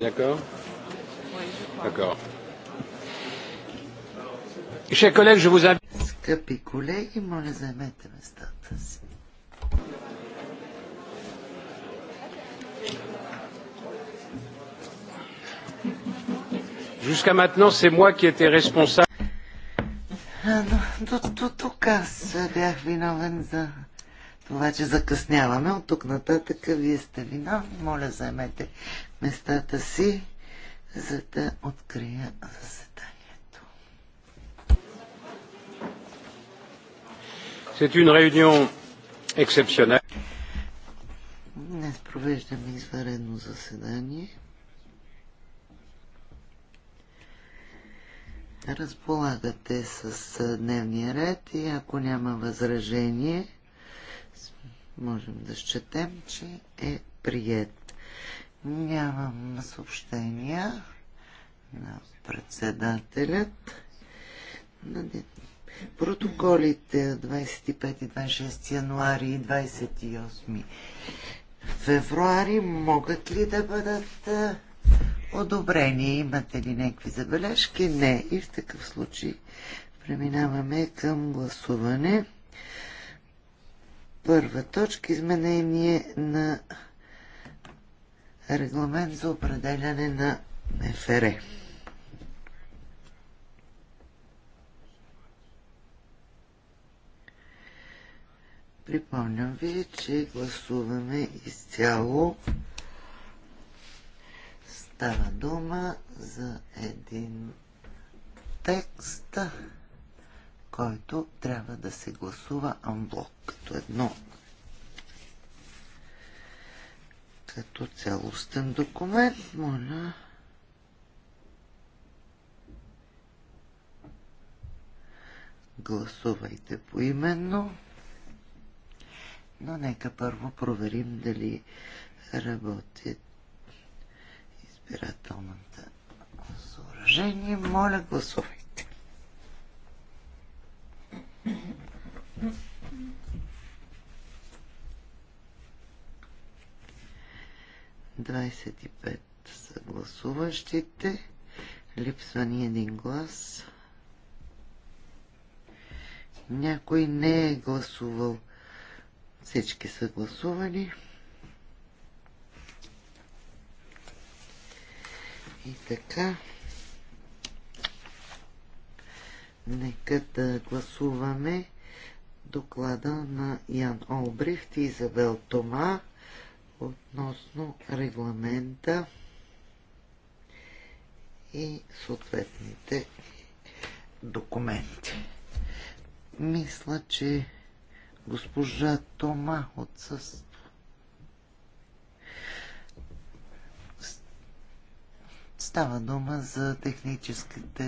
D'accord D'accord. Chers collègues, je vous invite. Скъпи колеги, моля заемете местата си. Jusqu'à maintenant, c'est moi qui étais responsable. Tout, tout, tout casse, бях виновен за това, че закъсняваме. От тук нататък вие сте вина. Моля, заемете местата си, за да открия заседанието. C'est une réunion exceptionnelle. Днес провеждаме извънредно заседание. Разполагате с дневния ред и ако няма възражение, можем да счетем, че е прият. Нямам съобщения на председателят. Протоколите 25 и 26 януари и 28 февруари могат ли да бъдат одобрени? Имате ли някакви забележки? Не. И в такъв случай преминаваме към гласуване. Първа точка изменение на регламент за определяне на ФРЕ. Припомням ви, че гласуваме изцяло. Става дума за един текст който трябва да се гласува анблок като едно като цялостен документ. Моля. Гласувайте поименно. Но нека първо проверим дали работи избирателната съоръжение. Моля, гласувайте. 25 са гласуващите. Липсва ни един глас. Някой не е гласувал. Всички са гласували. И така. Нека да гласуваме доклада на Ян Олбрихт и Изабел Тома относно регламента и съответните документи. Мисля, че госпожа Тома отсъства. Става дума за техническите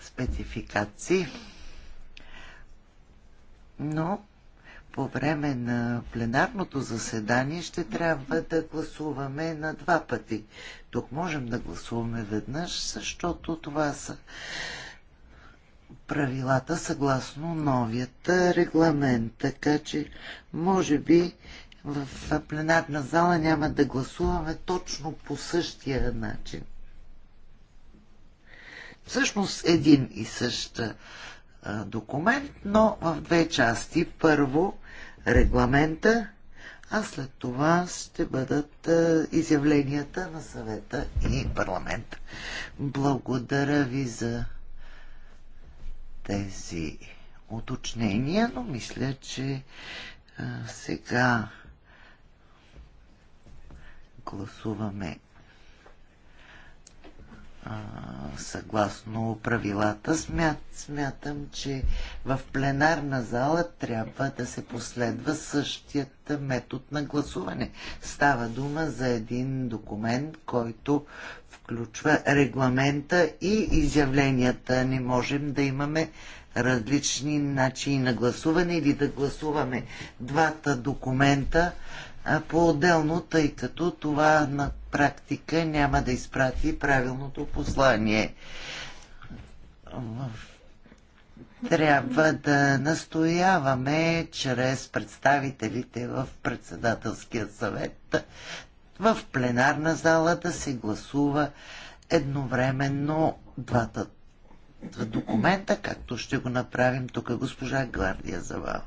спецификации, но по време на пленарното заседание ще трябва да гласуваме на два пъти. Тук можем да гласуваме веднъж, защото това са правилата съгласно новият регламент. Така че, може би, в пленарна зала няма да гласуваме точно по същия начин. Всъщност един и същ документ, но в две части. Първо регламента, а след това ще бъдат изявленията на съвета и парламента. Благодаря ви за тези уточнения, но мисля, че сега гласуваме съгласно правилата. Смят, смятам, че в пленарна зала трябва да се последва същият метод на гласуване. Става дума за един документ, който включва регламента и изявленията. Не можем да имаме различни начини на гласуване или да гласуваме двата документа по-отделно, тъй като това на практика няма да изпрати правилното послание. Трябва да настояваме чрез представителите в председателския съвет в пленарна зала да се гласува едновременно двата документа, както ще го направим тук госпожа Гвардия Завал.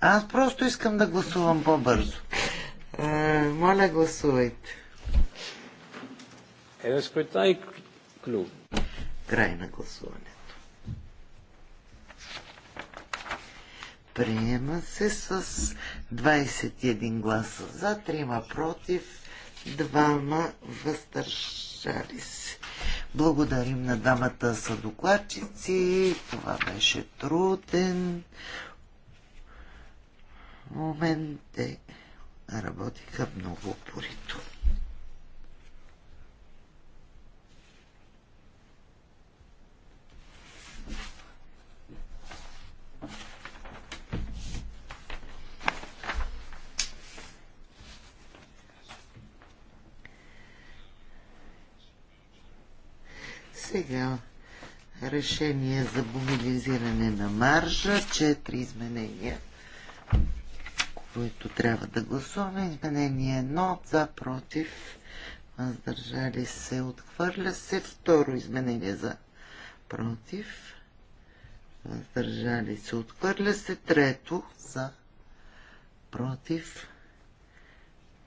Аз просто искам да гласувам по-бързо моля, гласувайте. Е, скритай клюв. Край на гласуването. Приема се с 21 гласа за, 3 против, 2 въздържали се. Благодарим на дамата докладчици. Това беше труден момент. Е работиха много упорито. Сега решение за мобилизиране на маржа, четири изменения – които трябва да гласуваме. Изменение 1 за против. Въздържали се. Отхвърля се. Второ изменение за против. Въздържали се. Отхвърля се. Трето за против.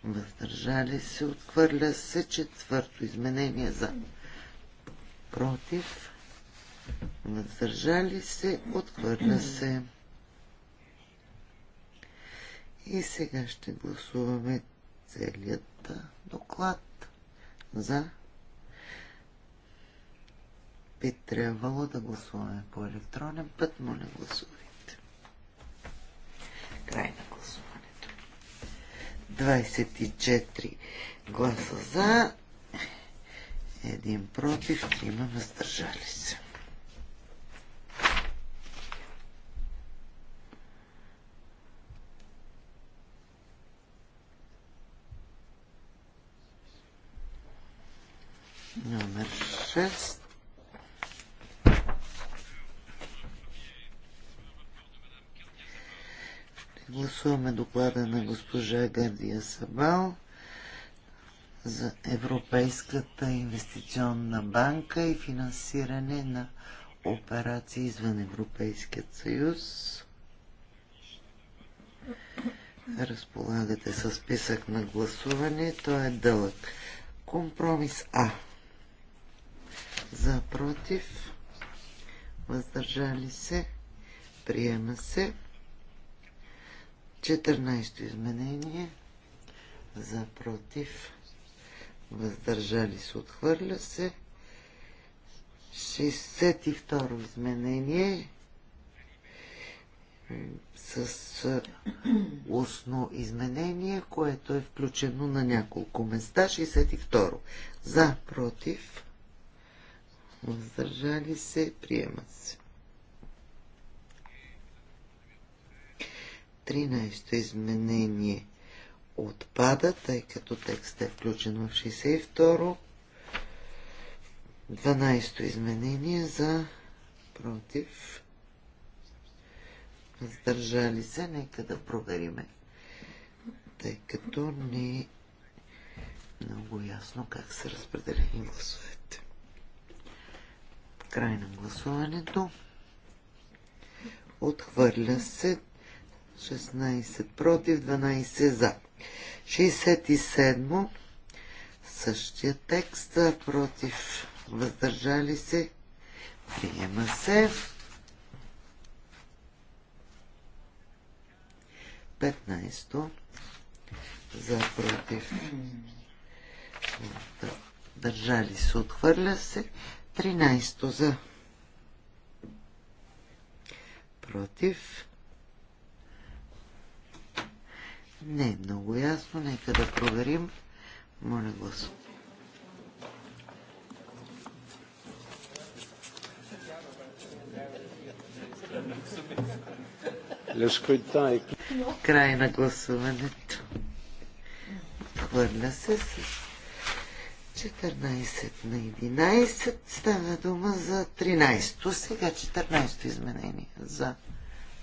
Въздържали се. Отхвърля се. Четвърто изменение за против. Въздържали се. Отхвърля се. И сега ще гласуваме целият доклад за би трябвало да гласуваме по електронен път. Моля, гласувайте. Край на гласуването. 24 гласа за, един против, трима въздържали се. Номер 6. Гласуваме доклада на госпожа Гардия Сабал за Европейската инвестиционна банка и финансиране на операции извън Европейският съюз. Разполагате с списък на гласуване. Той е дълъг. Компромис А за против, въздържали се, приема се. 14-то изменение за против, въздържали се, отхвърля се. 62 то изменение с устно изменение, което е включено на няколко места. 62. За, против, въздържали се, приема се. 13-то изменение отпада, тъй като текстът е включен в 62-ро. 12-то изменение за против. Въздържали се, нека да провериме, тъй като не е много ясно как са разпределени гласовете. Край на гласуването. Отхвърля се 16 против, 12 за. 67 същия текст, против, въздържали се, приема се. 15 за против, държали се, отхвърля се. 13 за. Против. Не е много ясно. Нека да проверим. Моля гласо. Край на гласуването. Хвърля се с 14 на 11 става дума за 13-то. Сега 14-то изменение. За,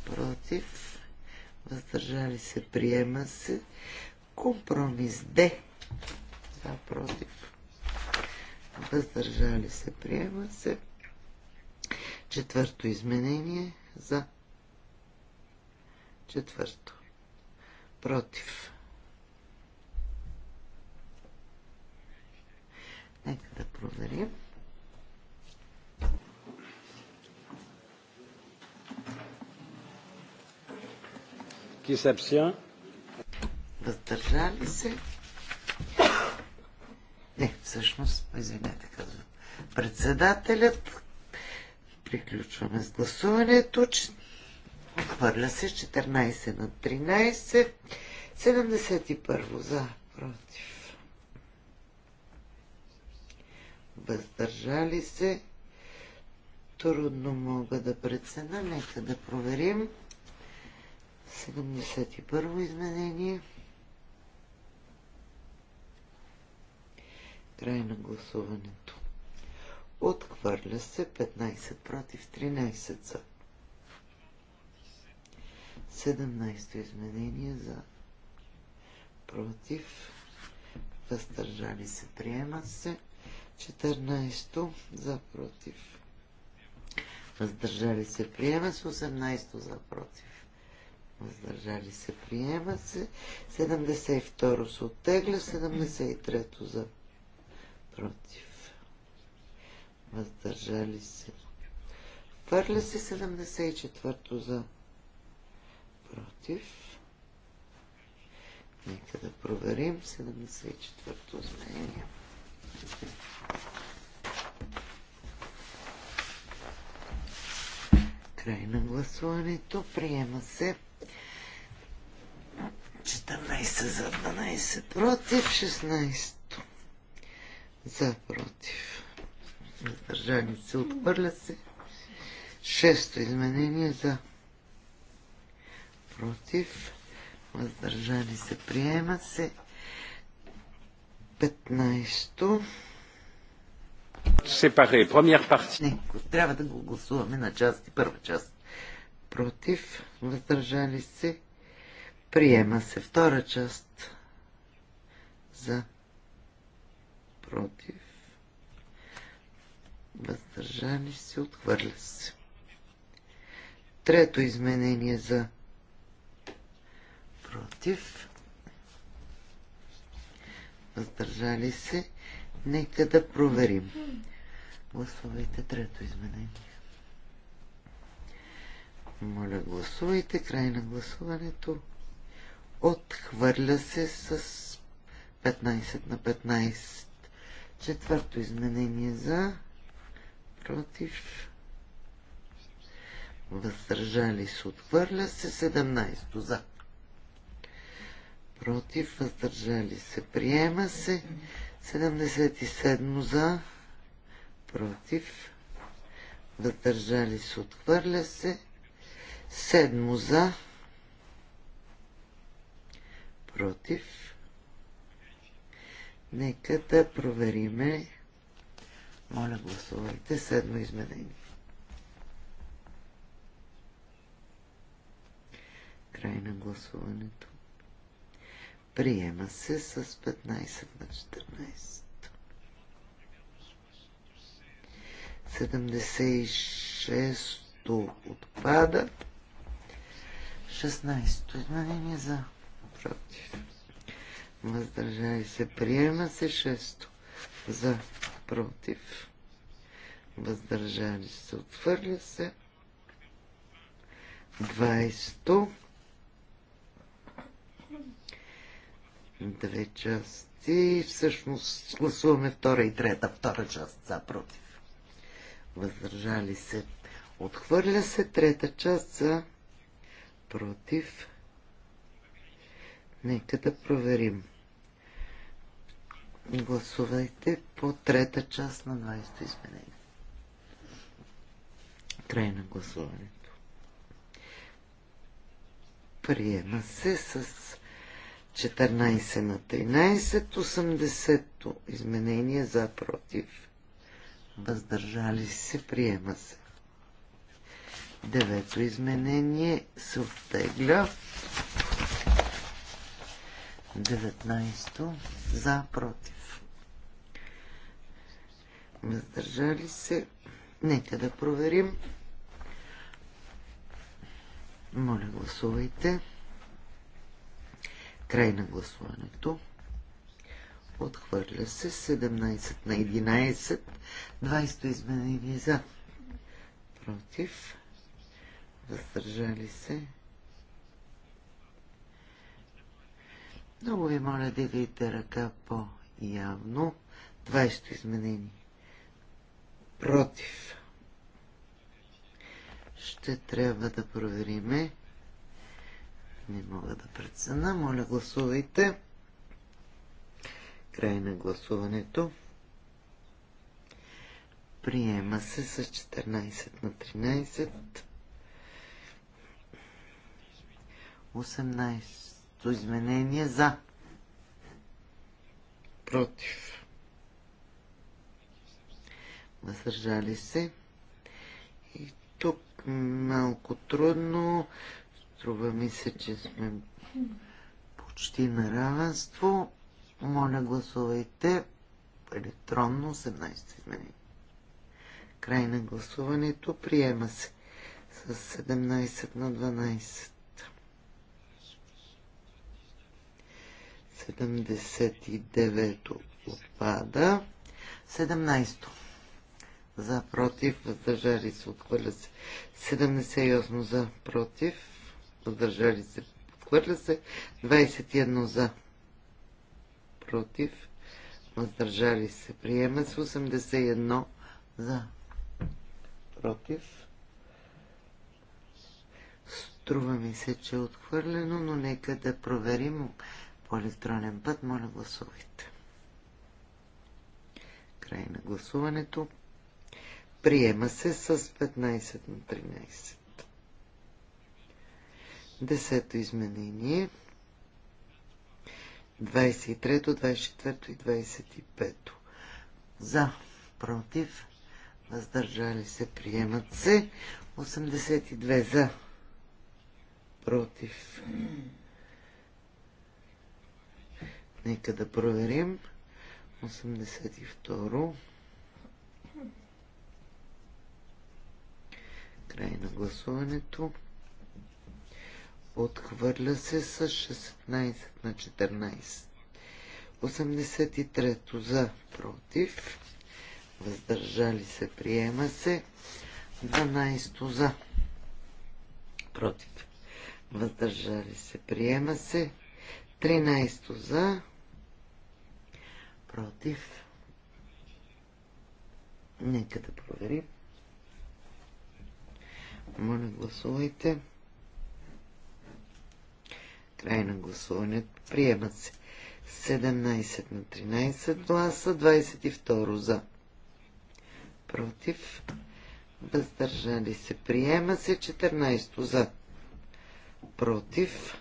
против, въздържали се, приема се. Компромис Д. За, против, въздържали се, приема се. Четвърто изменение за четвърто. Против. Нека да проверим. Qui s'abstient Въздържали се. Не, всъщност, извинете, казвам. Председателят. Приключваме с гласуването. Отхвърля се 14 на 13. 71 за против. въздържали се. Трудно мога да прецена. Нека да проверим. 71-во изменение. Край на гласуването. Отхвърля се 15 против 13 за. 17-то изменение за против. Въздържали се. Приема се. 14 за против. Въздържали се приема се 18 за против. Въздържали се приема се 72 се оттегля 73 за против. Въздържали се. Хвърля се 74 за против. Нека да проверим 74-то изменение. Край на гласуването. Приема се 14 за 12 против, 16 за против. Задържани се, отхвърля се. Шесто изменение за против. Въздържани се, приема се. 15 Сепаре, парти. трябва да го гласуваме на части, първа част. Против, въздържали се, приема се втора част. За, против, въздържали се, отхвърля се. Трето изменение за против, въздържали се. Нека да проверим. Гласувайте трето изменение. Моля, гласувайте. Край на гласуването. Отхвърля се с 15 на 15. Четвърто изменение за. Против. Въздържали се. Отхвърля се. 17 за против, въздържали се, приема се. 77 за, против, въздържали се, отхвърля се. 7 за, против. Нека да провериме. Моля, гласувайте седмо изменение. Край на гласуването. Приема се с 15 на 14. 76-то отпада. 16-то изменение за против. Въздържали се. Приема се 6-то за против. Въздържали се. Отвърля се. 20-то две части. Всъщност гласуваме втора и трета, втора част за против. Въздържали се. Отхвърля се трета част за против. Нека да проверим. Гласувайте по трета част на 20 изменение. Край на гласуването. Приема се с 14 на 13, 80-то изменение за против. Въздържали се, приема се. Девето изменение се оттегля. 19 за против. Въздържали се. Нека да проверим. Моля, гласувайте. Край на гласуването. Отхвърля се 17 на 11. 20 изменение за. Против. Въздържали се. Много ви моля да видите ръка по-явно. 20 изменение. Против. Ще трябва да провериме не мога да прецена. Моля, гласувайте. Край на гласуването. Приема се с 14 на 13. 18-то изменение за. Против. Въздържали се. И тук малко трудно. Струва ми се, че сме почти на равенство. Моля, гласувайте електронно 18 изменение. Край на гласуването. Приема се с 17 на 12. 79 отпада. 17 за, против, въздържали се, отхвърля се. 78 за, против, въздържали се, отхвърля се. 21 за, против, въздържали се, приема се. 81 за, против. Струва ми се, че е отхвърлено, но нека да проверим по електронен път. Моля, гласувайте. Край на гласуването. Приема се с 15 на 13. Десето изменение. 23, 24 и 25. За, против, въздържали се, приемат се. 82 за, против. Нека да проверим. 82. Край на гласуването. Отхвърля се с 16 на 14. 83-то за против. Въздържали се, приема се. 12 за против. Въздържали се, приема се. 13 за против. Нека да проверим. Моля, гласувайте. Край на гласуването. Приема се. 17 на 13 гласа, 22 за. Против. Въздържали се. Приема се. 14 за. Против.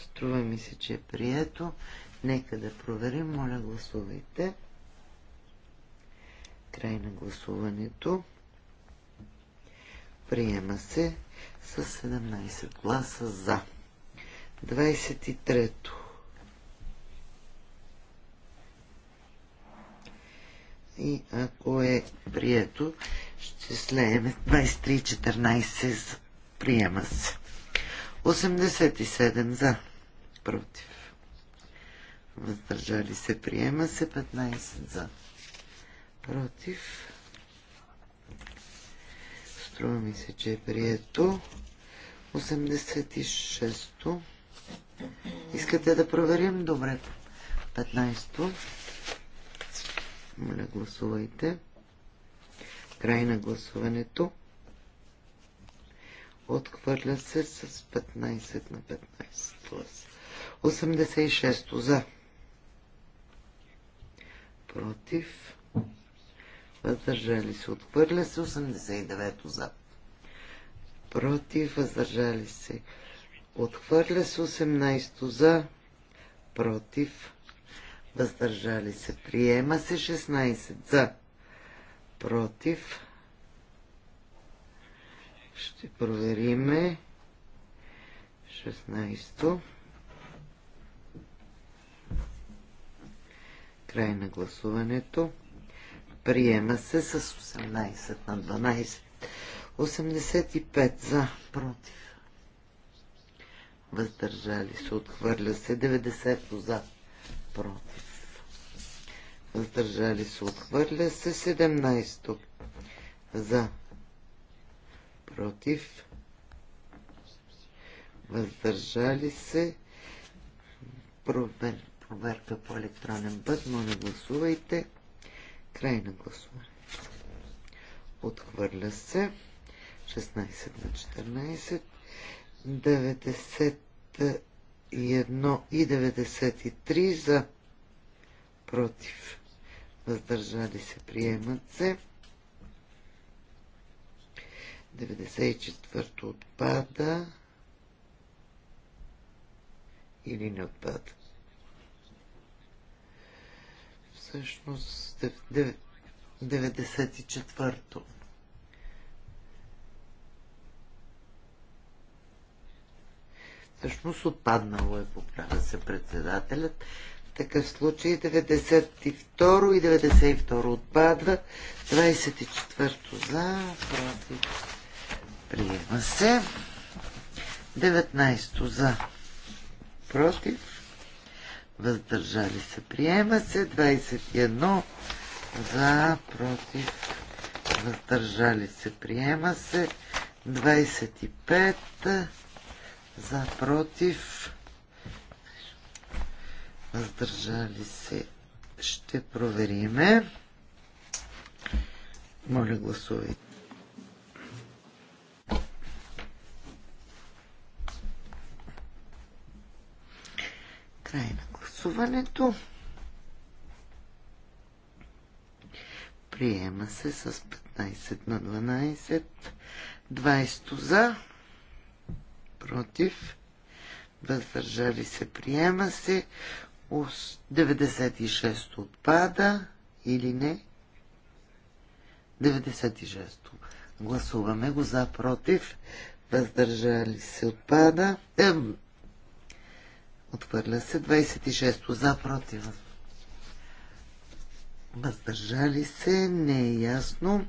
Струва ми се, че е прието. Нека да проверим. Моля, гласувайте. Край на гласуването. Приема се с 17 гласа за. 23-то. И ако е прието, ще слеем 23-14. Приема се. 87 за. Против. Въздържали се. Приема се. 15 за. Против Струва ми се, че е прието. 86-то. Искате да проверим? Добре. 15-то. Моля, гласувайте. Край на гласуването. Отхвърля се с 15 на 15 86-то за. Против въздържали се, отхвърля се, 89-то за, против, въздържали се, отхвърля се, 18-то за, против, въздържали се, приема се, 16 за, против, ще провериме, 16-то, край на гласуването. Приема се с 18 на 12. 85 за, против. Въздържали се, отхвърля се. 90 за, против. Въздържали се, отхвърля се. 17 за, против. Въздържали се. проверка по електронен път, но не гласувайте. Край на гласуване. Отхвърля се. 16 на 14. 91 и 93 за против. Въздържали се. Приемат се. 94 отпада или не отпада. всъщност 94-то. Всъщност отпаднало е, поправя се председателят. В такъв случай 92 и 92 отпадва. 24-то за, против. Приема се. 19 за, против въздържали се, приема се. 21 за, против, въздържали се, приема се. 25 за, против, въздържали се, ще провериме. Моля, гласувайте. Крайна гласуването. Приема се с 15 на 12. 20 за. Против. Въздържали се. Приема се. 96 отпада или не? 96. Гласуваме го за, против. Въздържали се отпада. Отвърля се. 26 за, против. Въздържали се. Не е ясно.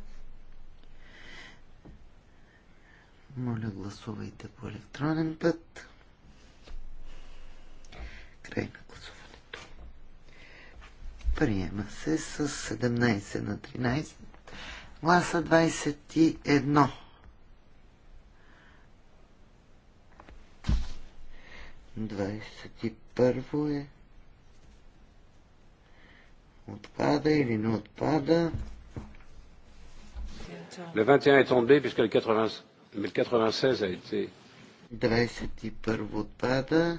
Моля, гласувайте по електронен път. Край на гласуването. Приема се с 17 на 13 гласа 21. 21 е отпада или не отпада. Le 21 est tombé puisque le, le 96 a été. 21 отпада.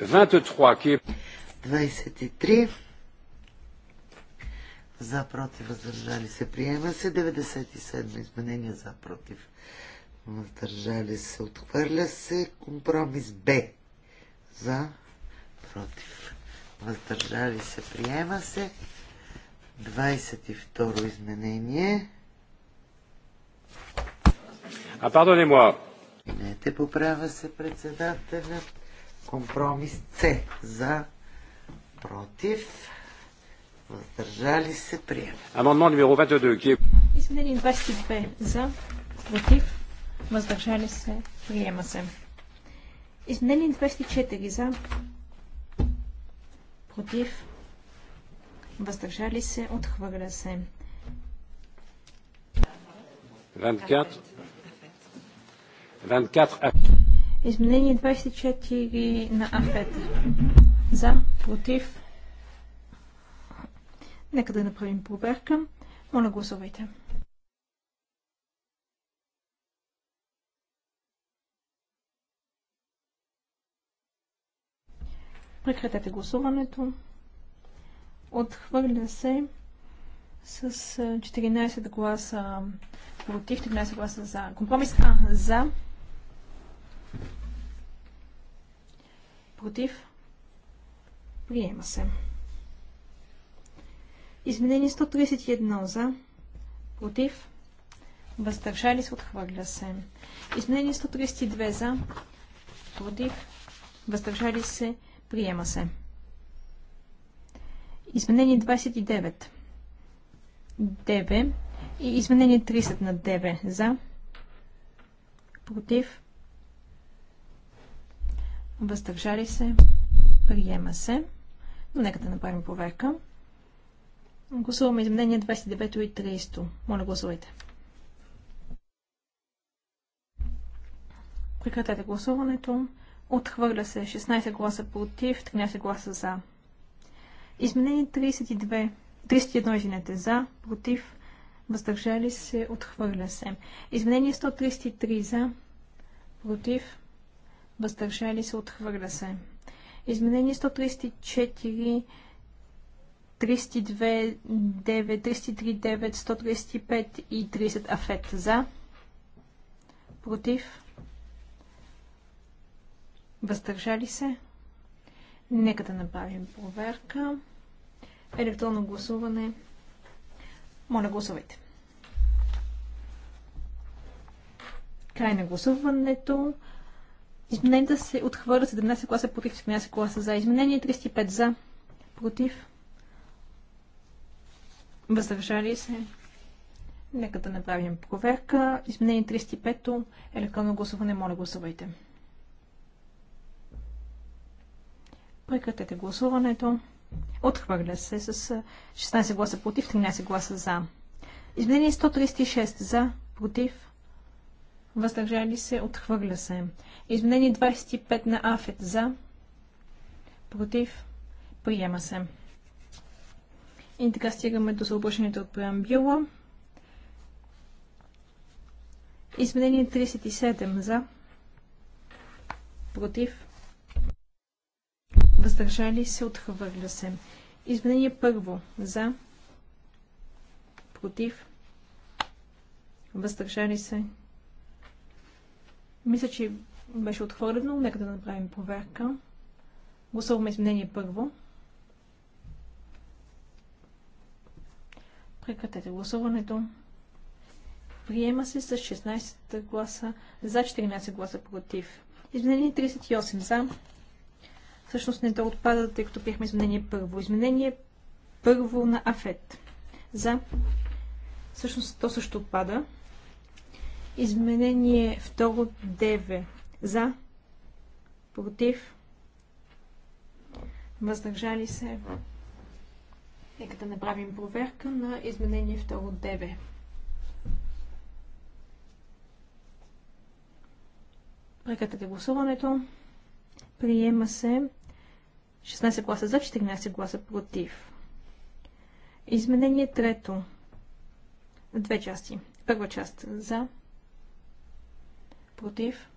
Vingt-trois qui est. 23 за против въздържали се приема се 97 изменения за против въздържали се отхвърля се компромис Б за против въздържали се приема се 22 изменение а, pardonnez-moi. Не поправя се председателят. Компромис С за против въздържали се, приема. Амандмент номер 22. Изменение 22 за, против, въздържали се, приема се. Изменение 24 за, против, въздържали се, отхвърля се. 24. 24. Изменение 24 на АФЕТ. За, против, Нека да направим проверка. Моля, гласувайте. Прекратете гласуването. Отхвърля се с 14 гласа против, 13 гласа за. Компромис А за. Против. Приема се. Изменение 131 за, против, въздържали се, отхвърля се. Изменение 132 за, против, въздържали се, приема се. Изменение 29 Дебе. и изменение 30 на ДБ за, против, въздържали се, приема се. Но нека да направим проверка. Гласуваме изменение 29 и 30. Моля, гласувайте. Прекратете гласуването. Отхвърля се 16 гласа против, 13 гласа за. Изменение 32, 31 извинете, за, против, въздържали се, отхвърля се. Изменение 133 за, против, въздържали се, отхвърля се. Изменение 134 32, 135 и 30 афет за. Против. Въздържали се. Нека да направим проверка. Електронно гласуване. Моля, гласувайте. Край на гласуването. Измененията се отхвърлят 17 гласа против 17 гласа за. Изменение 35 за. Против. Въздържали се. Нека да направим проверка. Изменение 35-то. Електронно гласуване. Моля, гласувайте. Прекратете гласуването. Отхвърля се с 16 гласа против, 13 гласа за. Изменение 136 за, против, въздържали се, отхвърля се. Изменение 25 на АФЕТ за, против, приема се. И така стигаме до съобщението от преамбюла. Изменение 37 за. Против. Въздържали се, отхвърля се. Изменение първо за. Против. Въздържали се. Мисля, че беше отхвърлено. Нека да направим проверка. Гласуваме изменение първо. Прекратете гласуването. Приема се с 16 гласа за 14 гласа против. Изменение 38 за. Всъщност не то да отпада, тъй като приехме изменение първо. Изменение първо на Афет. За. Всъщност то също отпада. Изменение второ Деве. За. Против. Въздържали се. Нека да направим проверка на изменение второ ДБ. Прекратете гласуването. Приема се 16 гласа за, 14 гласа против. Изменение трето. Две части. Първа част за, против,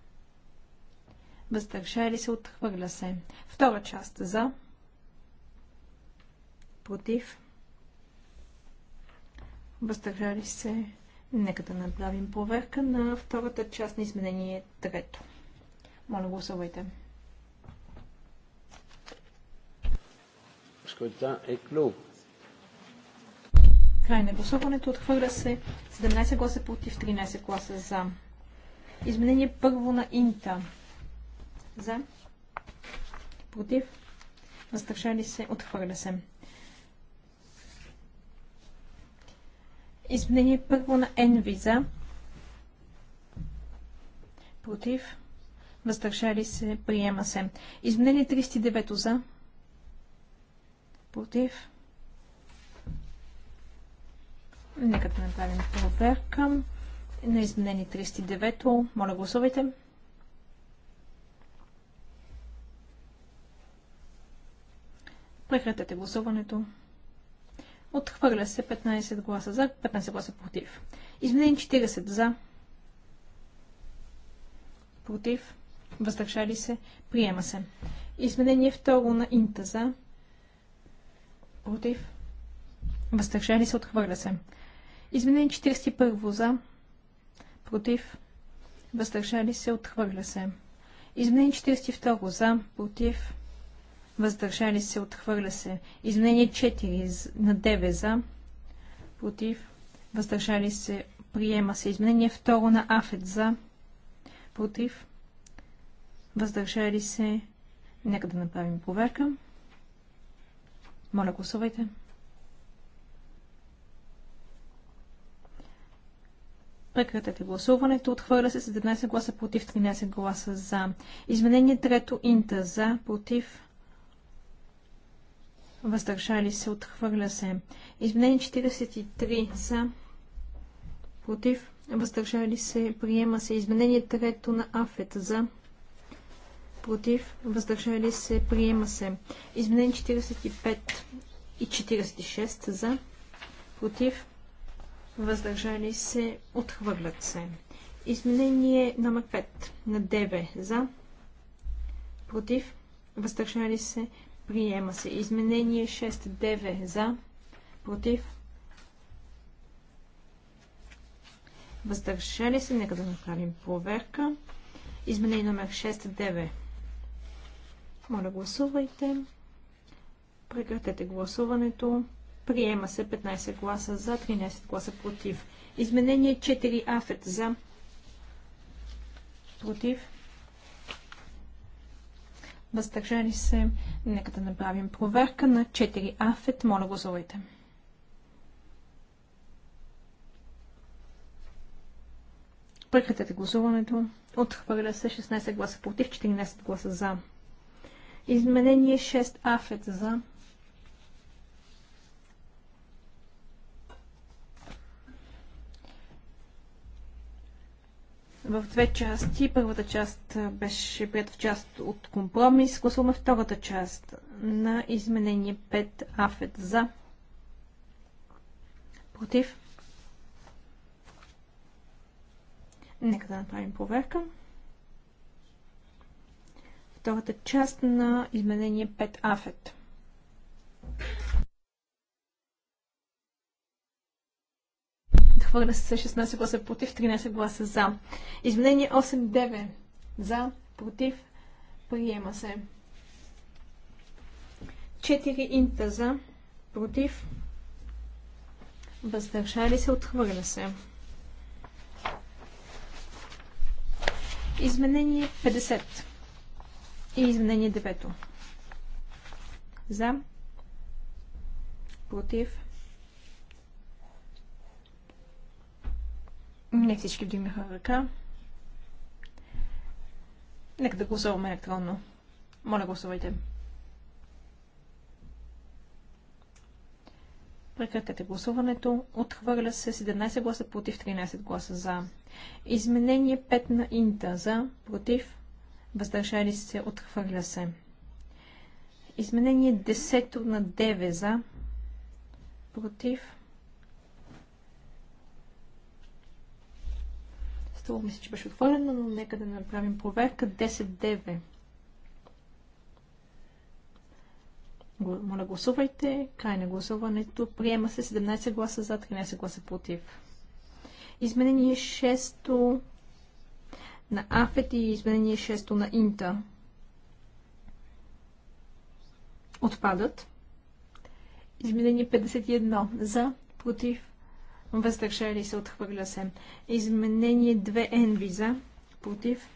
въздържали се, отхвърля се. Втора част за, против против, въздържали се. Нека да направим проверка на втората част на изменение трето. Моля, гласувайте. Скота е Край на гласуването отхвърля се 17 гласа против 13 гласа за. Изменение първо на Инта. За. Против. Въздържали се. Отхвърля се. Изменение първо на N виза Против. Въздържали се. Приема се. Изменение 39 за. Против. Нека да направим проверка на изменение 39. Моля гласувайте. Прекратете гласуването. Отхвърля се 15 гласа за, 15 гласа против. Изменени 40 за. Против. Въздържали се. Приема се. Изменение второ на Инта за. Против. Въздържали се. Отхвърля се. Изменени 41 за. Против. Въздържали се. Отхвърля се. Изменени 42 за. Против въздържали се, отхвърля се. Изменение 4 на 9 за, против, въздържали се, приема се. Изменение 2 на Афет за, против, въздържали се. Нека да направим проверка. Моля, гласувайте. Прекратете гласуването. Отхвърля се 17 гласа против, 13 гласа за. Изменение 3 инта за, против, въздържали се, отхвърля се. Изменение 43 са против, въздържали се, приема се. Изменение 3 на АФЕТ за против, въздържали се, приема се. Изменение 45 и 46 за против, въздържали се, отхвърлят се. Изменение номер 5 на 9 за против, въздържали се, Приема се. Изменение 6-9 за. Против. Въздържали се. Нека да направим проверка. Изменение номер 6-9. Моля, гласувайте. Прекратете гласуването. Приема се 15 гласа за, 13 гласа против. Изменение 4 афет за. Против въздържали се. Нека да направим проверка на 4 афет. Моля гласувайте. Прекратете гласуването. Отхвърля се 16 гласа против, 14 гласа за. Изменение 6 афет за в две части. Първата част беше прията в част от компромис. Гласуваме втората част на изменение 5 Афет за. Против. Нека да направим проверка. Втората част на изменение 5 Афет. Отхвърля се 16 гласа против, 13 гласа за. Изменение 8-9. За, против, приема се. 4 инта за, против, въздържали се, отхвърля се. Изменение 50 и изменение 9. За, против, Не всички вдигнаха ръка. Нека да гласуваме електронно. Моля, гласувайте. Прекратете гласуването. Отхвърля се 17 гласа против, 13 гласа за. Изменение 5 на Инта за, против, въздържали се, отхвърля се. Изменение 10 на 9 за, против, място. мисля, че беше отворено, но нека да направим проверка. 10-9. Моля, гласувайте. Край на гласуването. Приема се 17 гласа за, 13 гласа против. Изменение 6 на АФЕТ и изменение 6 на Инта отпадат. Изменение 51 за, против, въздържали се, отхвърля се. Изменение 2 енви за, против,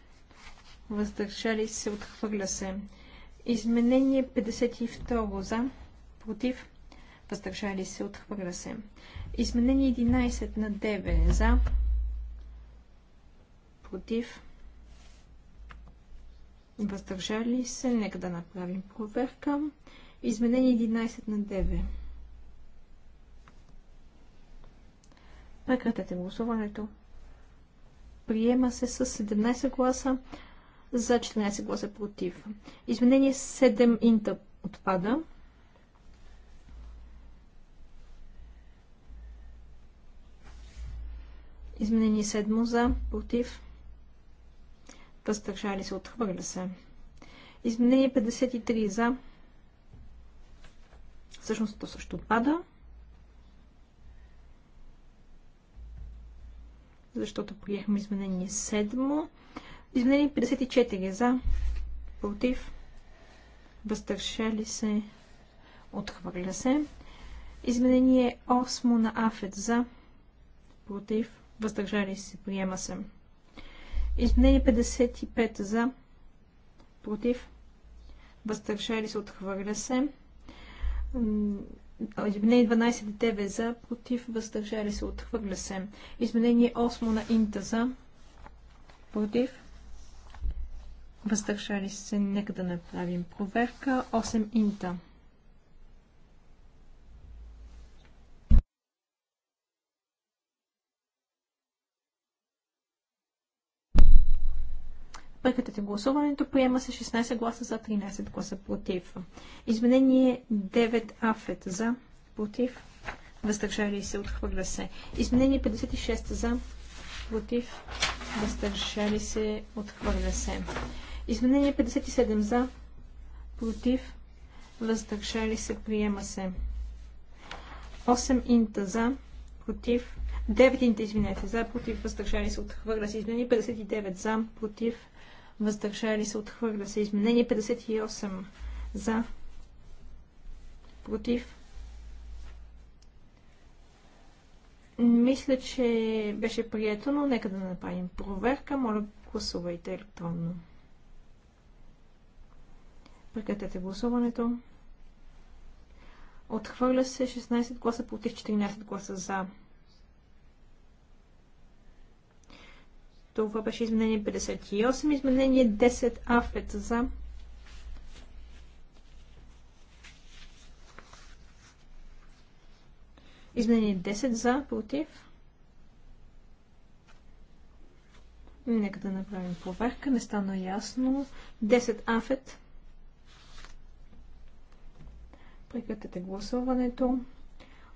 въздържали се, отхвърля се. Изменение 52 за, против, въздържали се, отхвърля се. Изменение 11 на 9 за, против, въздържали се, нека да направим проверка. Изменение 11 на 9. Прекратете гласуването. Приема се с 17 гласа за 14 гласа против. Изменение 7 инта отпада. Изменение 7 за против. Въздържали се, отхвърля се. Изменение 53 за. Всъщност то също отпада. защото приехме изменение 7. Изменение 54 за, против, въздържали се, отхвърля се. Изменение 8 на Афет за, против, въздържали се, приема се. Изменение 55 за, против, въздържали се, отхвърля се. Изменение 12 ТВ за, против, въздържали се, отхвърля се. Изменение 8 на Инта за, против, въздържали се, нека да направим проверка. 8 Инта. Прекратете гласуването. Приема се 16 гласа за, 13 гласа против. Изменение 9 Афет за, против. Въздържали се, отхвърля се. Изменение 56 за, против. Въздържали се, отхвърля се. Изменение 57 за, против. Въздържали се, приема се. 8 инта за, против. 9 инта, извинете, за, против, въздържали се, отхвърля се. Изменение 59 за, против, въздържали се, отхвърля се. Изменение 58 за, против. Мисля, че беше прието, но нека да направим проверка. Моля, гласувайте електронно. Прекратете гласуването. Отхвърля се 16 гласа против 14 гласа за. Това беше изменение 58. Изменение 10 афет за Изменение 10 за, против. Нека да направим проверка. Не стана ясно. 10 афет. Прекратете гласуването.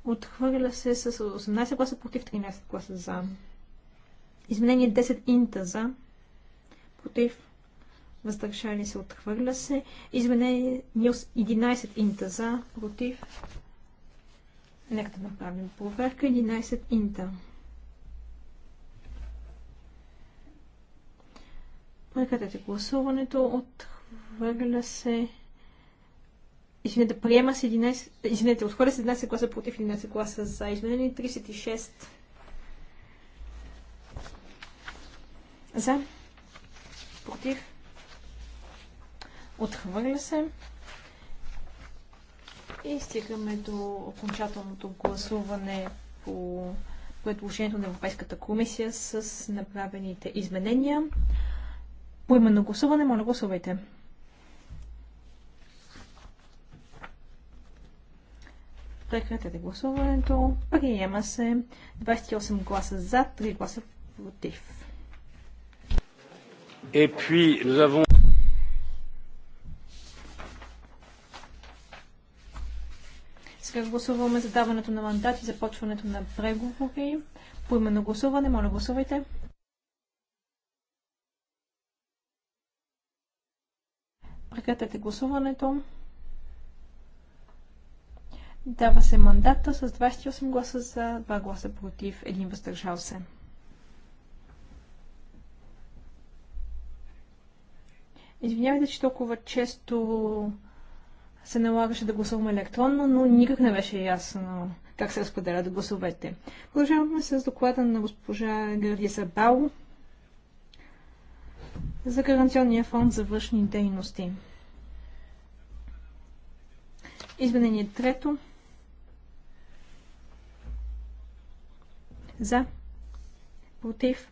Отхвърля се с 18 гласа против 13 гласа за. Изменение 10 инта за, против, въздържали се, отхвърля се. Изменение 11 инта за, против. Нека да направим проверка. 11 инта. Прекратете гласуването. Отхвърля се. Извинете, приема се 11... Извинете, отхвърля се 11 гласа против 11 гласа за. Изменение 36 За. Против. Отхвърля се. И стигаме до окончателното гласуване по предложението на Европейската комисия с направените изменения. По именно гласуване, моля гласувайте. Прекратете гласуването. Приема се 28 гласа за, 3 гласа против. Et puis, nous avons... Сега гласуваме за даването на мандат и започването на преговори. По име на гласуване, моля гласувайте. Прекратете гласуването. Дава се мандата с 28 гласа за, 2 гласа против, 1 въздържал се. Извинявайте, че толкова често се налагаше да гласуваме електронно, но никак не беше ясно как се разпределят да гласовете. Продължаваме с доклада на госпожа Гърдия Сабал за Гаранционния фонд за външни дейности. Изменение трето. За. Против.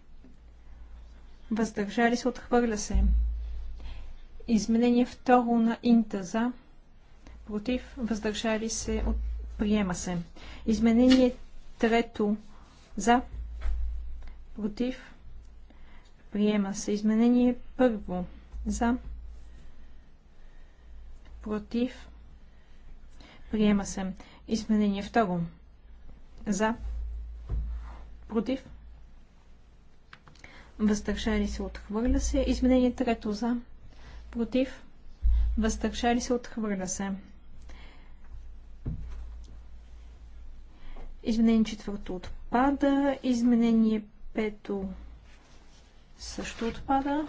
Въздържали се. Отхвърля се. Изменение второ на Инта за. Против. Въздържали се. От... Приема се. Изменение трето за. Против. Приема се. Изменение първо за. Против. Приема се. Изменение второ. За. Против. Въздържали се. Отхвърля се. Изменение трето за против, въздържали се, отхвърля се. Изменение четвърто отпада. Изменение пето също отпада.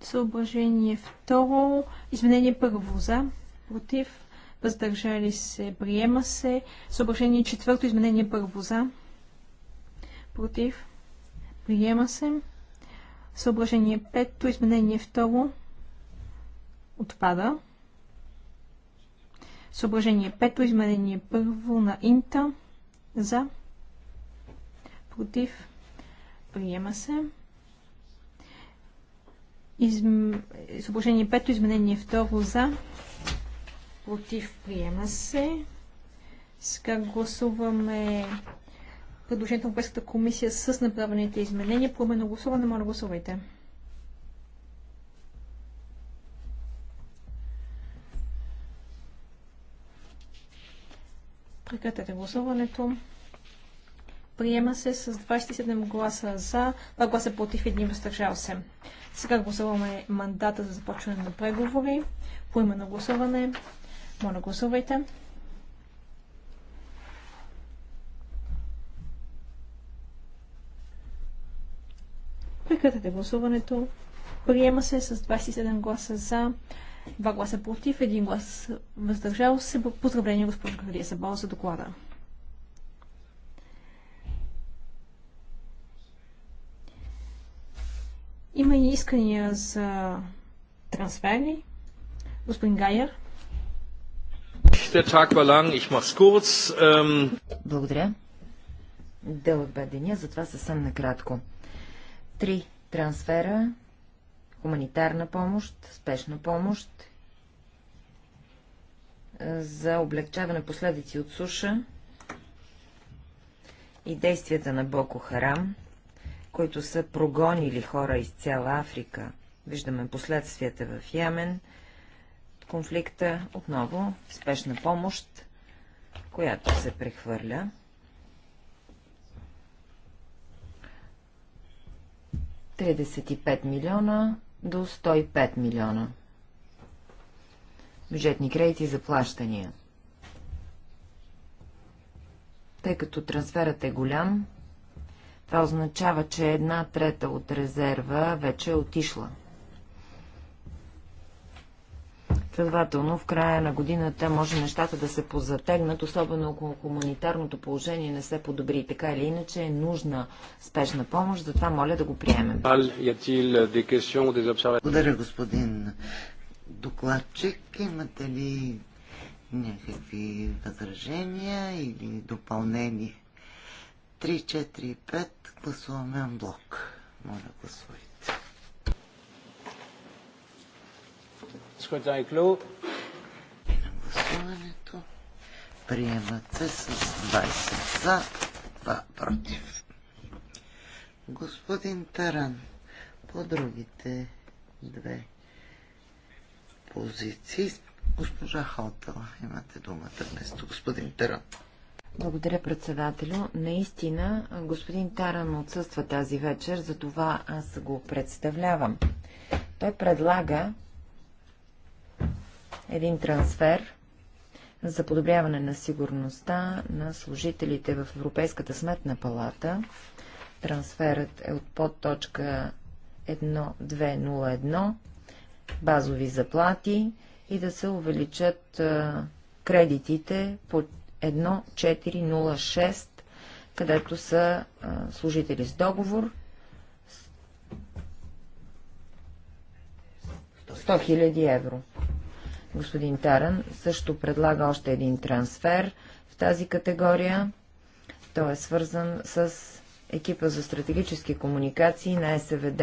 Съображение второ. Изменение първо за. Против. Въздържали се. Приема се. Съображение четвърто. Изменение първо за против, приема се. Съображение 5, изменение 2, отпада. Съображение 5, изменение 1 на инта, за, против, приема се. Съображение 5, изменение 2 за, против, приема се. Сега гласуваме предложението на Европейската комисия с направените изменения. По на гласуване, моля гласувайте. Прекратете гласуването. Приема се с 27 гласа за, 2 гласа против и 1 въздържал се. Сега гласуваме мандата за започване на преговори. По на гласуване. Моля гласувайте. Прекратете гласуването. Приема се с 27 гласа за, 2 гласа против, 1 глас въздържал се. Поздравление, госпожо Гвардия Сабала, за доклада. Има и искания за трансфери. Господин Гайер. Ähm, Благодаря. Дълъг бе деня, затова съвсем накратко. Три трансфера, хуманитарна помощ, спешна помощ за облегчаване последици от суша и действията на Боко Харам, които са прогонили хора из цяла Африка. Виждаме последствията в Ямен, конфликта, отново спешна помощ, която се прехвърля 35 милиона до 105 милиона. Бюджетни кредити за плащания. Тъй като трансферът е голям, това означава, че една трета от резерва вече е отишла. Следователно, в края на годината може нещата да се позатегнат, особено ако хуманитарното положение не се подобри. Така или иначе е нужна спешна помощ, затова моля да го приемем. Благодаря, господин докладчик. Имате ли някакви възражения или допълнения? 3, 4, 5 гласуваме блок. Моля, гласувайте. Скотин е клю. Гласуването. Приемат се с 20 за, 2 против. Господин Таран, по другите две позиции. Госпожа Халтала, имате думата вместо господин Таран. Благодаря, председателю. Наистина, господин Таран отсъства тази вечер, затова аз го представлявам. Той предлага един трансфер за подобряване на сигурността на служителите в Европейската сметна палата. Трансферът е от подточка 1201 базови заплати и да се увеличат кредитите по 1406, където са служители с договор 100 000 евро. Господин Таран също предлага още един трансфер в тази категория. Той е свързан с екипа за стратегически комуникации на СВД.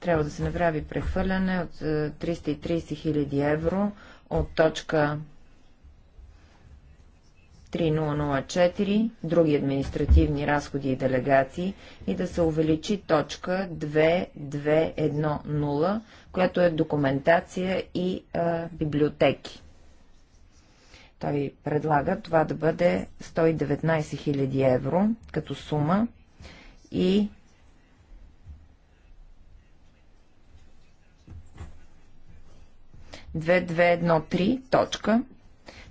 Трябва да се направи прехвърляне от 330 е, 000 евро от точка 3004 други административни разходи и делегации и да се увеличи точка 2210, която е документация и а, библиотеки. Той предлага това да бъде 119 000 евро като сума и две, две, едно, три, точка,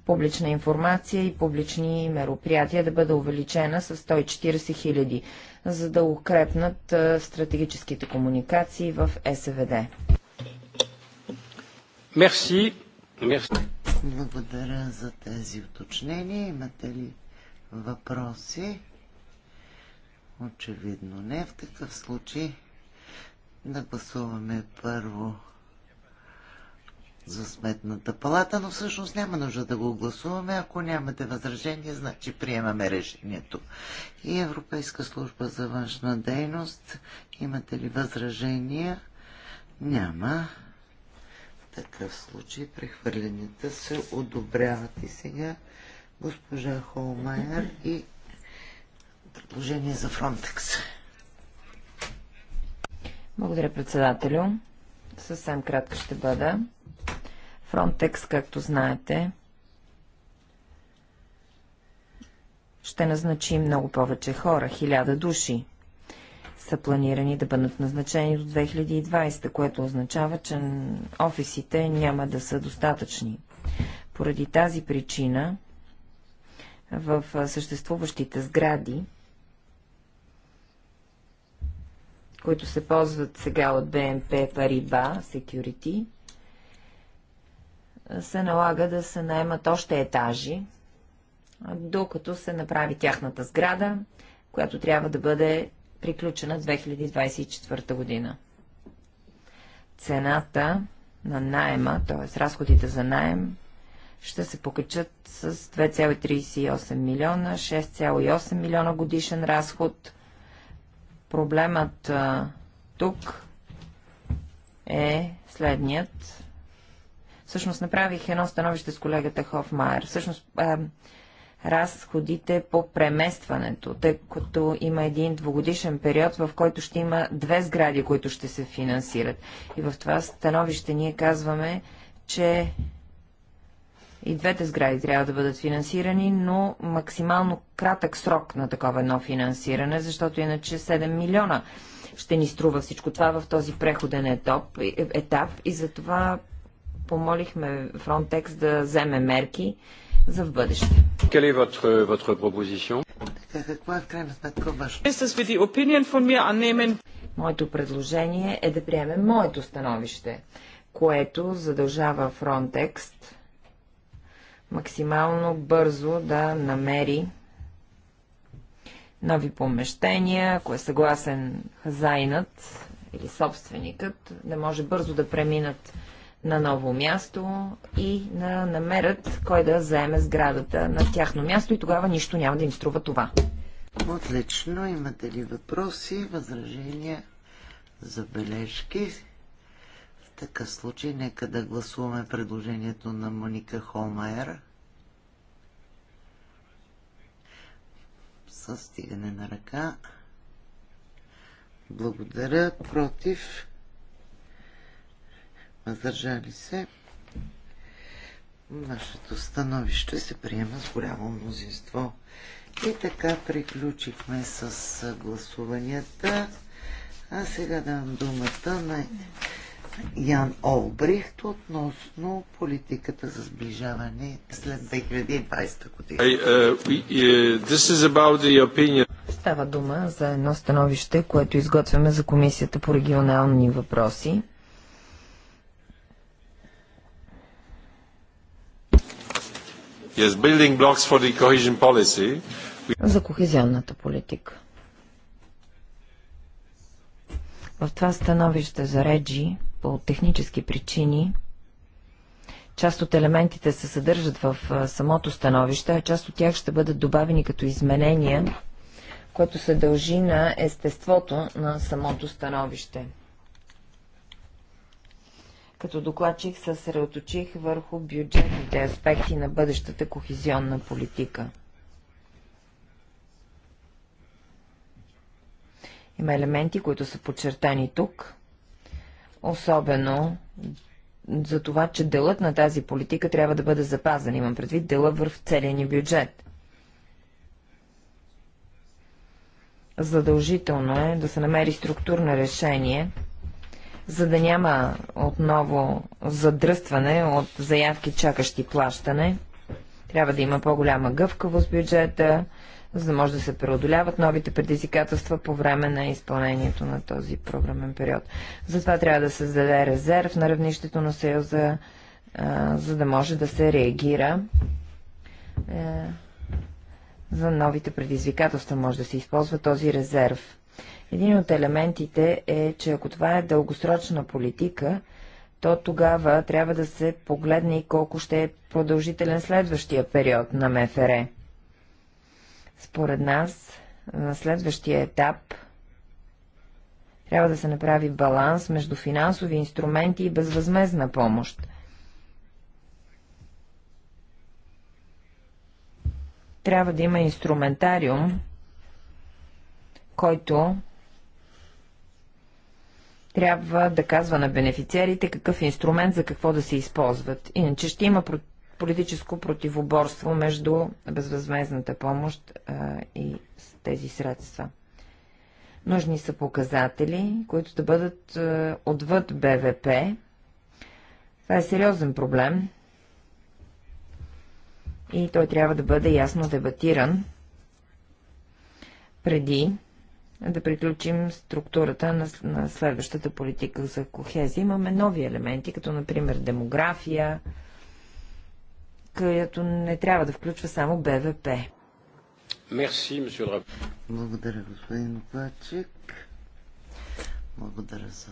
публична информация и публични мероприятия да бъде увеличена с 140 хиляди, за да укрепнат стратегическите комуникации в СВД. Мерси. Мерси. Благодаря за тези уточнения. Имате ли въпроси? Очевидно не. В такъв случай да гласуваме първо за сметната палата, но всъщност няма нужда да го гласуваме. Ако нямате възражение, значи приемаме решението. И Европейска служба за външна дейност, имате ли възражения? Няма. В такъв случай прехвърленията се одобряват и сега госпожа Холмайер и предложение за Фронтекс. Благодаря, председателю. Съвсем кратко ще бъда. Фронтекс, както знаете, ще назначи много повече хора, хиляда души са планирани да бъдат назначени до 2020, което означава, че офисите няма да са достатъчни. Поради тази причина в съществуващите сгради, които се ползват сега от BNP Paribas Security, се налага да се наемат още етажи, докато се направи тяхната сграда, която трябва да бъде приключена 2024 година. Цената на найема, т.е. разходите за найем, ще се покачат с 2,38 милиона, 6,8 милиона годишен разход. Проблемът тук е следният Всъщност направих едно становище с колегата Хофмайер. Всъщност а, разходите по преместването, тъй като има един двогодишен период, в който ще има две сгради, които ще се финансират. И в това становище ние казваме, че и двете сгради трябва да бъдат финансирани, но максимално кратък срок на такова едно финансиране, защото иначе 7 милиона ще ни струва всичко това в този преходен етап, етап и затова помолихме Frontex да вземе мерки за в бъдеще. Quelle est votre, votre proposition? е крайна сметка Моето предложение е да приемем моето становище, което задължава Frontex максимално бързо да намери нови помещения, ако е съгласен хазайнат или собственикът, да може бързо да преминат на ново място и на намерят кой да заеме сградата на тяхно място и тогава нищо няма да им струва това. Отлично. Имате ли въпроси, възражения, забележки? В такъв случай нека да гласуваме предложението на Моника Холмайер. Със стигане на ръка. Благодаря. Против въздържали се. Нашето становище се приема с голямо мнозинство. И така приключихме с гласуванията. А сега давам думата на Ян Олбрихт относно политиката за сближаване след 2020 година. I, uh, uh Става дума за едно становище, което изготвяме за Комисията по регионални въпроси За кохезионната политика. В това становище за Реджи по технически причини част от елементите се съдържат в самото становище, а част от тях ще бъдат добавени като изменения, което се дължи на естеството на самото становище. Като докладчик се съсредоточих върху бюджетните аспекти на бъдещата кохезионна политика. Има елементи, които са подчертани тук, особено за това, че делът на тази политика трябва да бъде запазен. Имам предвид дела в целия ни бюджет. Задължително е да се намери структурно решение – за да няма отново задръстване от заявки чакащи плащане. Трябва да има по-голяма гъвкавост в бюджета, за да може да се преодоляват новите предизвикателства по време на изпълнението на този програмен период. Затова трябва да се създаде резерв на равнището на Съюза, за да може да се реагира е, за новите предизвикателства може да се използва този резерв. Един от елементите е, че ако това е дългосрочна политика, то тогава трябва да се погледне и колко ще е продължителен следващия период на МФР. Според нас, на следващия етап трябва да се направи баланс между финансови инструменти и безвъзмезна помощ. Трябва да има инструментариум, който трябва да казва на бенефициарите какъв инструмент за какво да се използват. Иначе ще има политическо противоборство между безвъзмезната помощ а, и тези средства. Нужни са показатели, които да бъдат а, отвъд БВП. Това е сериозен проблем и той трябва да бъде ясно дебатиран преди да приключим структурата на, на следващата политика за кохезия. Имаме нови елементи, като например демография, която не трябва да включва само БВП. Мерси, Благодаря, господин Плачик. Благодаря за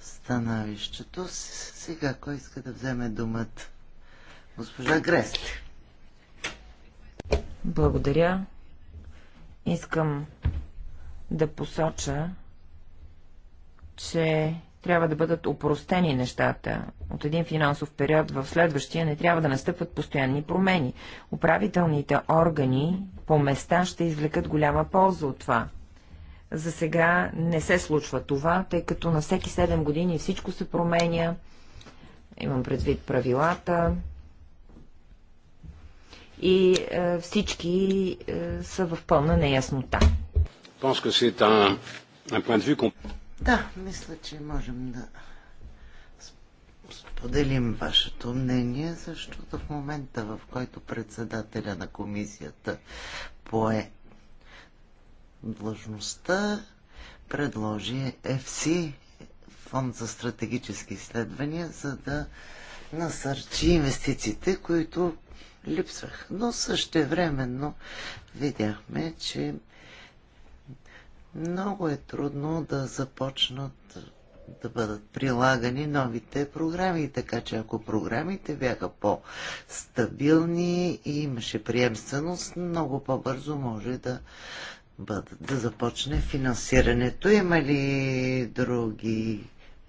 становището. Сега, кой иска да вземе думата? Госпожа Гресли. Благодаря. Искам да посоча, че трябва да бъдат опростени нещата. От един финансов период в следващия не трябва да настъпват постоянни промени. Управителните органи по места ще извлекат голяма полза от това. За сега не се случва това, тъй като на всеки 7 години всичко се променя. Имам предвид правилата. И е, всички е, са в пълна неяснота pense que c'est un, un point de vue qu'on... Да, мисля, че можем да споделим вашето мнение, защото в момента, в който председателя на комисията пое длъжността, предложи ЕФСИ, фонд за стратегически изследвания, за да насърчи инвестициите, които липсваха. Но същевременно видяхме, че много е трудно да започнат да бъдат прилагани новите програми. Така че ако програмите бяха по-стабилни и имаше приемственост, много по-бързо може да, бъдат, да започне финансирането. Има ли други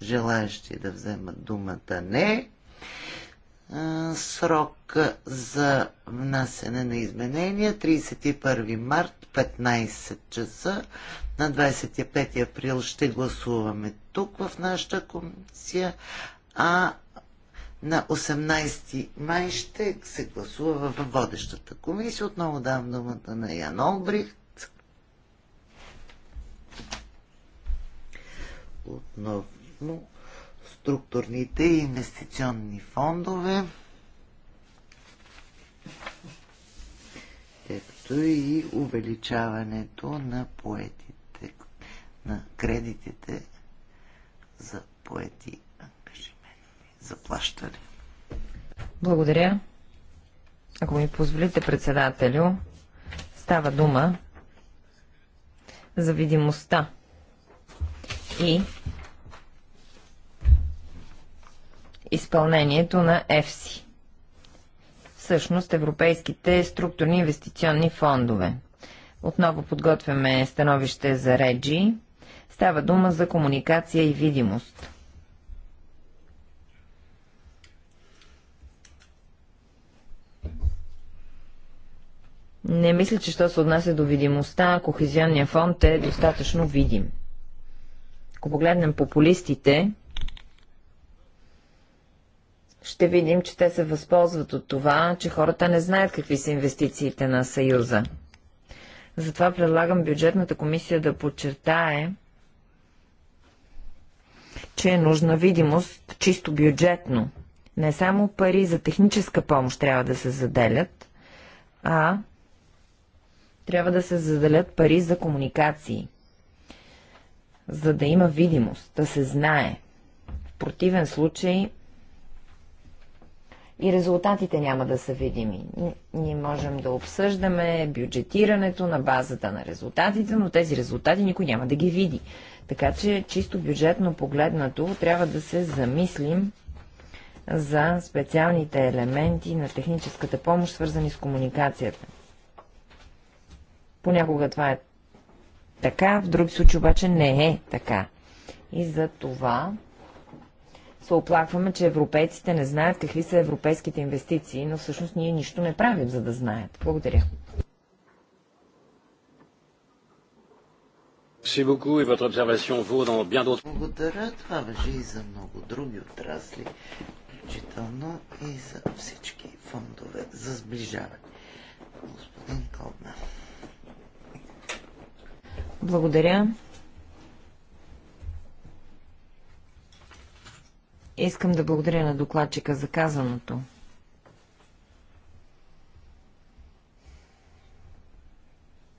желаящи да вземат думата? Не. Срок за внасене на изменения 31 март 15 часа. На 25 април ще гласуваме тук в нашата комисия, а на 18 май ще се гласува в водещата комисия. Отново давам думата на Ян Олбрихт. Отново структурните и инвестиционни фондове. Те също и увеличаването на поетите, на кредитите за поети ангажименти, за плащане. Благодаря. Ако ми позволите, председателю, става дума за видимостта и изпълнението на ЕФСИ всъщност европейските структурни инвестиционни фондове. Отново подготвяме становище за Реджи. Става дума за комуникация и видимост. Не мисля, че що се отнася до видимостта, кохезионния фонд е достатъчно видим. Ако погледнем популистите, ще видим, че те се възползват от това, че хората не знаят какви са инвестициите на Съюза. Затова предлагам бюджетната комисия да подчертае, че е нужна видимост чисто бюджетно. Не само пари за техническа помощ трябва да се заделят, а трябва да се заделят пари за комуникации, за да има видимост, да се знае. В противен случай и резултатите няма да са видими. Ние можем да обсъждаме бюджетирането на базата на резултатите, но тези резултати никой няма да ги види. Така че, чисто бюджетно погледнато, трябва да се замислим за специалните елементи на техническата помощ, свързани с комуникацията. Понякога това е така, в други случаи обаче не е така. И за това се оплакваме, че европейците не знаят какви са европейските инвестиции, но всъщност ние нищо не правим, за да знаят. Благодаря. Благодаря. Това въжи и за много други отрасли, включително и за всички фондове за сближаване. Господин Колбна. Благодаря. Искам да благодаря на докладчика за казаното.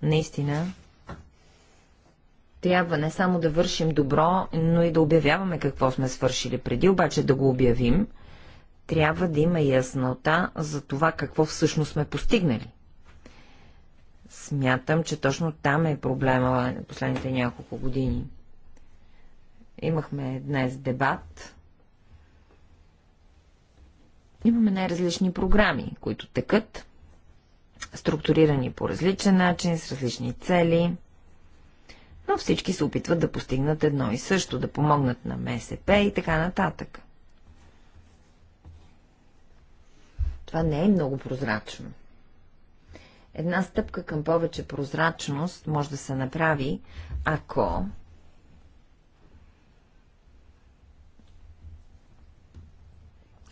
Наистина, трябва не само да вършим добро, но и да обявяваме какво сме свършили. Преди обаче да го обявим, трябва да има яснота за това какво всъщност сме постигнали. Смятам, че точно там е проблема последните няколко години. Имахме днес дебат Имаме най-различни програми, които текат, структурирани по различен начин, с различни цели, но всички се опитват да постигнат едно и също, да помогнат на МСП и така нататък. Това не е много прозрачно. Една стъпка към повече прозрачност може да се направи, ако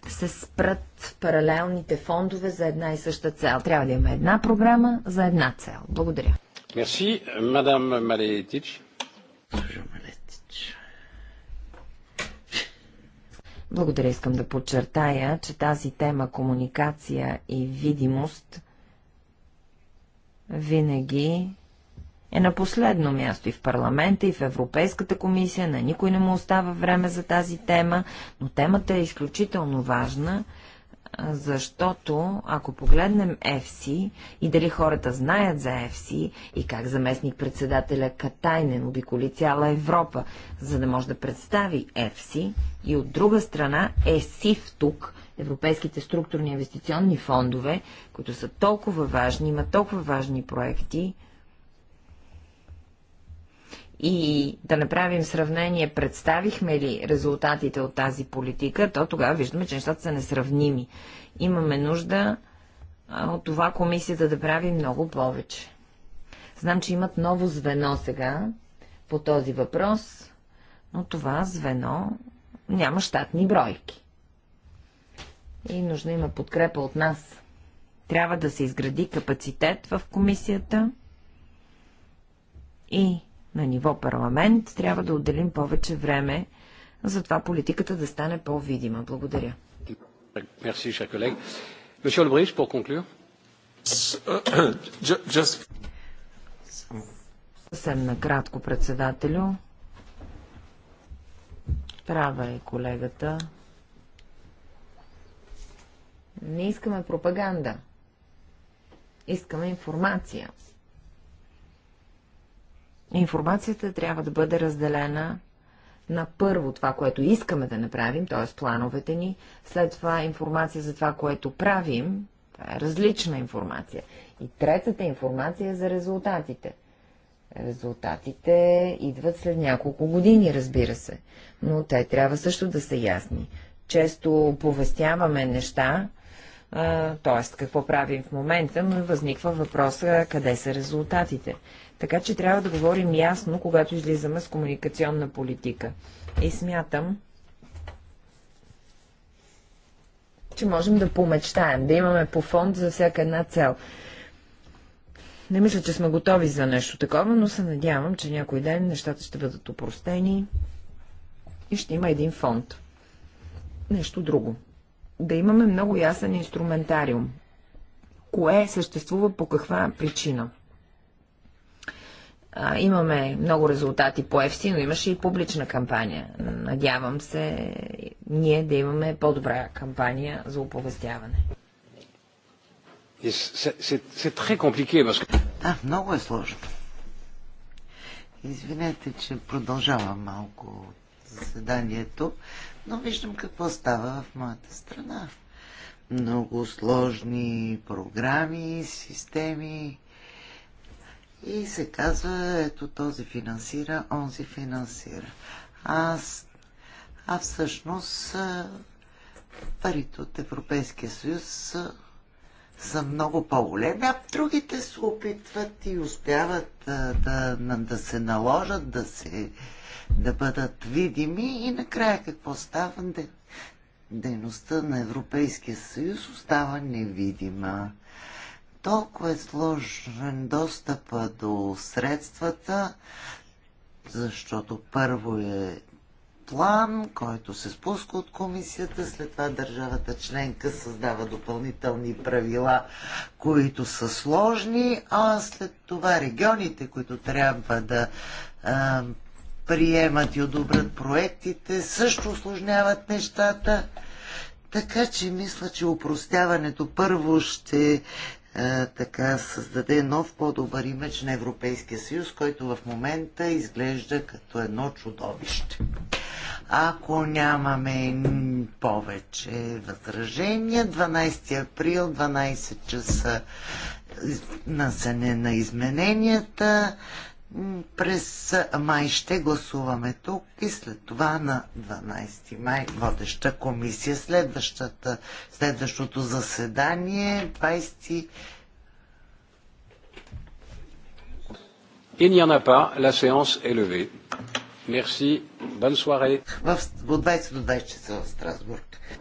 се спрат паралелните фондове за една и съща цел. Трябва да има една програма за една цел. Благодаря. Мерси, мадам Малетич. Благодаря, искам да подчертая, че тази тема комуникация и видимост винаги е на последно място и в парламента, и в Европейската комисия. На никой не му остава време за тази тема, но темата е изключително важна, защото ако погледнем ЕФСИ и дали хората знаят за ЕФСИ и как заместник председателя Катайнен обиколи цяла Европа, за да може да представи ЕФСИ и от друга страна ЕСИФ тук – европейските структурни инвестиционни фондове, които са толкова важни, имат толкова важни проекти, и да направим сравнение, представихме ли резултатите от тази политика, то тогава виждаме, че нещата са несравними. Имаме нужда от това комисията да прави много повече. Знам, че имат ново звено сега по този въпрос, но това звено няма щатни бройки. И нужно има подкрепа от нас. Трябва да се изгради капацитет в комисията и на ниво парламент, трябва да отделим повече време за това политиката да стане по-видима. Благодаря. Merci, cher collègue. Съвсем накратко, председателю. Права е колегата. Не искаме пропаганда. Искаме информация. Информацията трябва да бъде разделена на първо това, което искаме да направим, т.е. плановете ни, след това информация за това, което правим, това е различна информация. И третата информация е за резултатите. Резултатите идват след няколко години, разбира се, но те трябва също да са ясни. Често повестяваме неща, т.е. какво правим в момента, но възниква въпроса къде са резултатите. Така че трябва да говорим ясно, когато излизаме с комуникационна политика. И смятам, че можем да помечтаем, да имаме по фонд за всяка една цел. Не мисля, че сме готови за нещо такова, но се надявам, че някой ден нещата ще бъдат упростени и ще има един фонд. Нещо друго. Да имаме много ясен инструментариум. Кое съществува по каква причина? А, имаме много резултати по ЕФСИ, но имаше и публична кампания. Надявам се ние да имаме по-добра кампания за оповестяване. Да, много е сложно. Извинете, че продължавам малко заседанието, но виждам какво става в моята страна. Много сложни програми, системи, и се казва, ето този финансира, онзи финансира. Аз, а всъщност парите от Европейския съюз са много по-големи, а другите се опитват и успяват да, да, да се наложат, да, се, да бъдат видими и накрая какво става? Дейността на Европейския съюз остава невидима толкова е сложен достъпа до средствата, защото първо е план, който се спуска от комисията, след това държавата членка създава допълнителни правила, които са сложни, а след това регионите, които трябва да а, приемат и одобрят проектите, също осложняват нещата. Така че мисля, че упростяването първо ще е, така създаде нов по-добър имидж на Европейския съюз, който в момента изглежда като едно чудовище. Ако нямаме повече възражения, 12 април, 12 часа насене на измененията, през май ще гласуваме тук и след това на 12 май водеща комисия. Следващата, следващото заседание 20 Il n'y en a pas. La séance est levée. Merci. Bonne soirée. В, от 20 до 20 часа в Страсбург.